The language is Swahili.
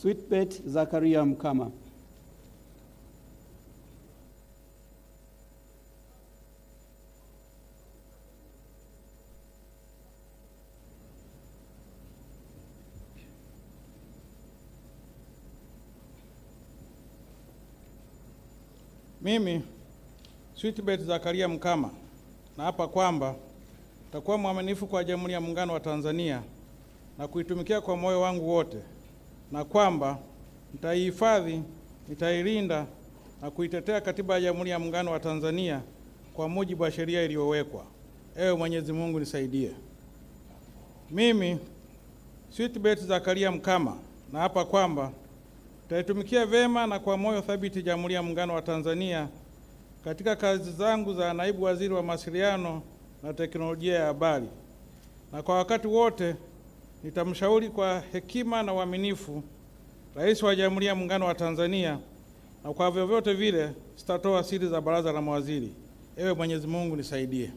Sweetbet Zakaria Mkama. Mimi Sweetbet Zakaria Mkama naapa kwamba nitakuwa mwaminifu kwa Jamhuri ya Muungano wa Tanzania na kuitumikia kwa moyo wangu wote na kwamba nitaihifadhi, nitailinda na kuitetea Katiba ya Jamhuri ya Muungano wa Tanzania kwa mujibu wa sheria iliyowekwa. Ewe Mwenyezi Mungu nisaidie. Mimi Sweetbet Zakaria Mkama na hapa kwamba nitaitumikia vema na kwa moyo thabiti Jamhuri ya Muungano wa Tanzania katika kazi zangu za naibu waziri wa mawasiliano na teknolojia ya habari, na kwa wakati wote nitamshauri kwa hekima na uaminifu Rais wa Jamhuri ya Muungano wa Tanzania, na kwa vyovyote vile sitatoa siri za baraza la mawaziri. Ewe Mwenyezi Mungu nisaidie.